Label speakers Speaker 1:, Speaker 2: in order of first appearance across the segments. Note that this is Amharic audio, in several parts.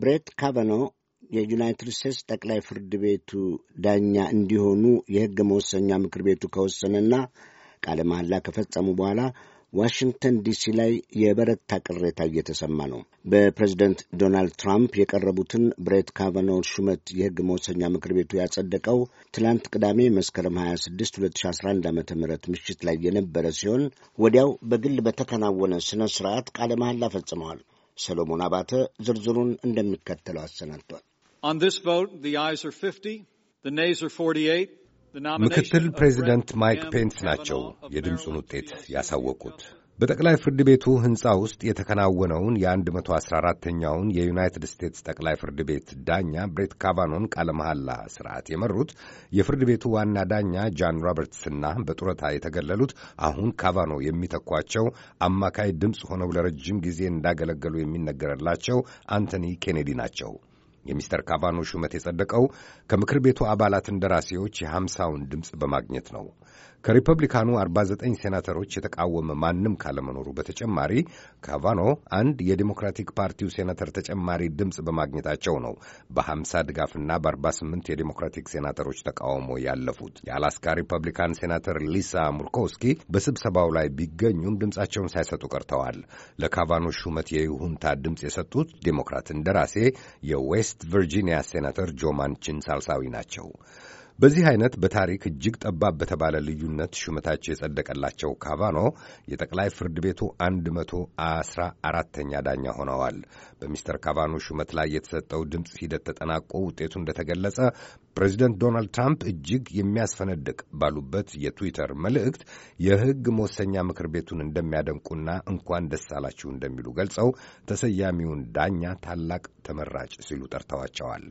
Speaker 1: ብሬት ካቨኖ የዩናይትድ ስቴትስ ጠቅላይ ፍርድ ቤቱ ዳኛ እንዲሆኑ የሕግ መወሰኛ ምክር ቤቱ ከወሰነና ቃለ መሐላ ከፈጸሙ በኋላ ዋሽንግተን ዲሲ ላይ የበረታ ቅሬታ እየተሰማ ነው። በፕሬዝደንት ዶናልድ ትራምፕ የቀረቡትን ብሬት ካቫኖን ሹመት የሕግ መወሰኛ ምክር ቤቱ ያጸደቀው ትላንት ቅዳሜ መስከረም 26 2011 ዓ ም ምሽት ላይ የነበረ ሲሆን ወዲያው በግል በተከናወነ ሥነ ሥርዓት ቃለ መሐላ ፈጽመዋል። ሰሎሞን አባተ ዝርዝሩን እንደሚከተለው አሰናድቷል።
Speaker 2: On this vote, the ayes are 50, the nays are
Speaker 1: 48. ምክትል ፕሬዚደንት ማይክ
Speaker 2: ፔንስ ናቸው የድምፁን ውጤት ያሳወቁት። በጠቅላይ ፍርድ ቤቱ ሕንፃ ውስጥ የተከናወነውን የ114ኛውን የዩናይትድ ስቴትስ ጠቅላይ ፍርድ ቤት ዳኛ ብሬት ካቫኖን ቃለ መሐላ ስርዓት የመሩት የፍርድ ቤቱ ዋና ዳኛ ጃን ሮበርትስና በጡረታ የተገለሉት አሁን ካቫኖ የሚተኳቸው አማካይ ድምፅ ሆነው ለረጅም ጊዜ እንዳገለገሉ የሚነገርላቸው አንቶኒ ኬኔዲ ናቸው። የሚስተር ካቫኖ ሹመት የጸደቀው ከምክር ቤቱ አባላት እንደራሴዎች የሐምሳውን ድምፅ በማግኘት ነው። ከሪፐብሊካኑ 49 ሴናተሮች የተቃወመ ማንም ካለመኖሩ በተጨማሪ ካቫኖ አንድ የዴሞክራቲክ ፓርቲው ሴናተር ተጨማሪ ድምፅ በማግኘታቸው ነው በ50 ድጋፍና በ48 የዴሞክራቲክ ሴናተሮች ተቃውሞ ያለፉት። የአላስካ ሪፐብሊካን ሴናተር ሊሳ ሙርኮውስኪ በስብሰባው ላይ ቢገኙም ድምፃቸውን ሳይሰጡ ቀርተዋል። ለካቫኖ ሹመት የይሁንታ ድምፅ የሰጡት ዴሞክራት እንደራሴ የዌስ የዌስት ቨርጂኒያ ሴናተር ጆ ማንቺን ሳልሳዊ ናቸው። በዚህ አይነት በታሪክ እጅግ ጠባብ በተባለ ልዩነት ሹመታቸው የጸደቀላቸው ካቫኖ የጠቅላይ ፍርድ ቤቱ አንድ መቶ አስራ አራተኛ ዳኛ ሆነዋል። በሚስተር ካቫኖ ሹመት ላይ የተሰጠው ድምፅ ሂደት ተጠናቆ ውጤቱ እንደተገለጸ ፕሬዚደንት ዶናልድ ትራምፕ እጅግ የሚያስፈነድቅ ባሉበት የትዊተር መልእክት የሕግ መወሰኛ ምክር ቤቱን እንደሚያደንቁና እንኳን ደስ አላችሁ እንደሚሉ ገልጸው ተሰያሚውን ዳኛ ታላቅ ተመራጭ ሲሉ ጠርተዋቸዋል።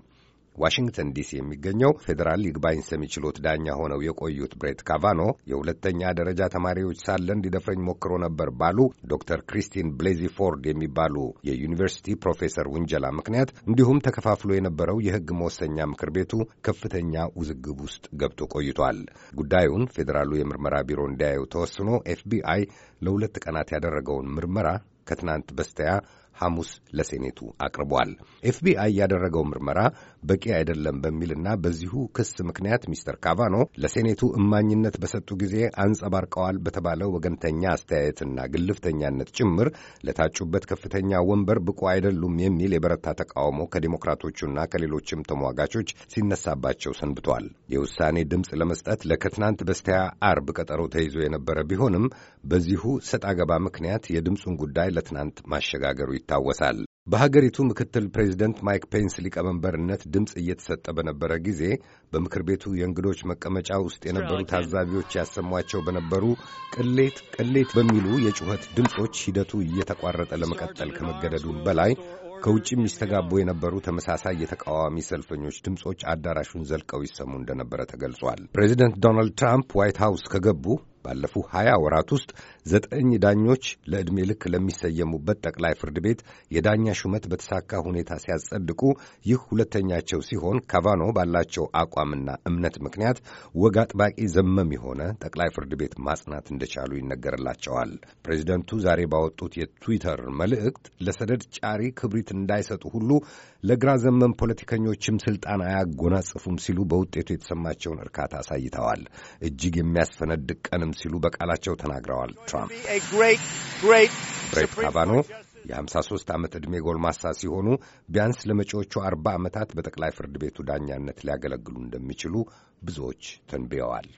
Speaker 2: ዋሽንግተን ዲሲ የሚገኘው ፌዴራል ይግባኝ ሰሚ ችሎት ዳኛ ሆነው የቆዩት ብሬት ካቫኖ የሁለተኛ ደረጃ ተማሪዎች ሳለን ሊደፍረኝ ሞክሮ ነበር ባሉ ዶክተር ክሪስቲን ብሌዚ ፎርድ የሚባሉ የዩኒቨርሲቲ ፕሮፌሰር ውንጀላ ምክንያት እንዲሁም ተከፋፍሎ የነበረው የሕግ መወሰኛ ምክር ቤቱ ከፍተኛ ውዝግብ ውስጥ ገብቶ ቆይቷል። ጉዳዩን ፌዴራሉ የምርመራ ቢሮ እንዲያየው ተወስኖ ኤፍቢአይ ለሁለት ቀናት ያደረገውን ምርመራ ከትናንት በስተያ ሐሙስ ለሴኔቱ አቅርቧል። ኤፍቢአይ ያደረገው ምርመራ በቂ አይደለም በሚልና በዚሁ ክስ ምክንያት ሚስተር ካቫኖ ለሴኔቱ እማኝነት በሰጡ ጊዜ አንጸባርቀዋል በተባለ ወገንተኛ አስተያየትና ግልፍተኛነት ጭምር ለታጩበት ከፍተኛ ወንበር ብቁ አይደሉም የሚል የበረታ ተቃውሞ ከዲሞክራቶቹና ከሌሎችም ተሟጋቾች ሲነሳባቸው ሰንብቷል። የውሳኔ ድምፅ ለመስጠት ለከትናንት በስቲያ አርብ ቀጠሮ ተይዞ የነበረ ቢሆንም በዚሁ ሰጣ ምክንያት የድምፁን ጉዳይ ለትናንት ማሸጋገሩ ይታወሳል። በሀገሪቱ ምክትል ፕሬዚደንት ማይክ ፔንስ ሊቀመንበርነት ድምፅ እየተሰጠ በነበረ ጊዜ በምክር ቤቱ የእንግዶች መቀመጫ ውስጥ የነበሩ ታዛቢዎች ያሰሟቸው በነበሩ ቅሌት ቅሌት በሚሉ የጩኸት ድምፆች ሂደቱ እየተቋረጠ ለመቀጠል ከመገደዱም በላይ ከውጭ የሚስተጋቡ የነበሩ ተመሳሳይ የተቃዋሚ ሰልፈኞች ድምፆች አዳራሹን ዘልቀው ይሰሙ እንደነበረ ተገልጿል። ፕሬዚደንት ዶናልድ ትራምፕ ዋይት ሃውስ ከገቡ ባለፉ 20 ወራት ውስጥ ዘጠኝ ዳኞች ለዕድሜ ልክ ለሚሰየሙበት ጠቅላይ ፍርድ ቤት የዳኛ ሹመት በተሳካ ሁኔታ ሲያጸድቁ ይህ ሁለተኛቸው ሲሆን ካቫኖ ባላቸው አቋምና እምነት ምክንያት ወግ አጥባቂ ዘመም የሆነ ጠቅላይ ፍርድ ቤት ማጽናት እንደቻሉ ይነገርላቸዋል። ፕሬዚደንቱ ዛሬ ባወጡት የትዊተር መልእክት ለሰደድ ጫሪ ክብሪት እንዳይሰጡ ሁሉ ለግራ ዘመም ፖለቲከኞችም ስልጣን አያጎናጽፉም ሲሉ በውጤቱ የተሰማቸውን እርካታ አሳይተዋል። እጅግ የሚያስፈነድቅ ቀንም አይሆንም ሲሉ በቃላቸው ተናግረዋል። ትራምፕ ብሬት ካቫኖ የ53 ዓመት ዕድሜ ጎልማሳ ሲሆኑ ቢያንስ ለመጪዎቹ 40 ዓመታት በጠቅላይ ፍርድ ቤቱ ዳኛነት ሊያገለግሉ እንደሚችሉ ብዙዎች ተንብየዋል።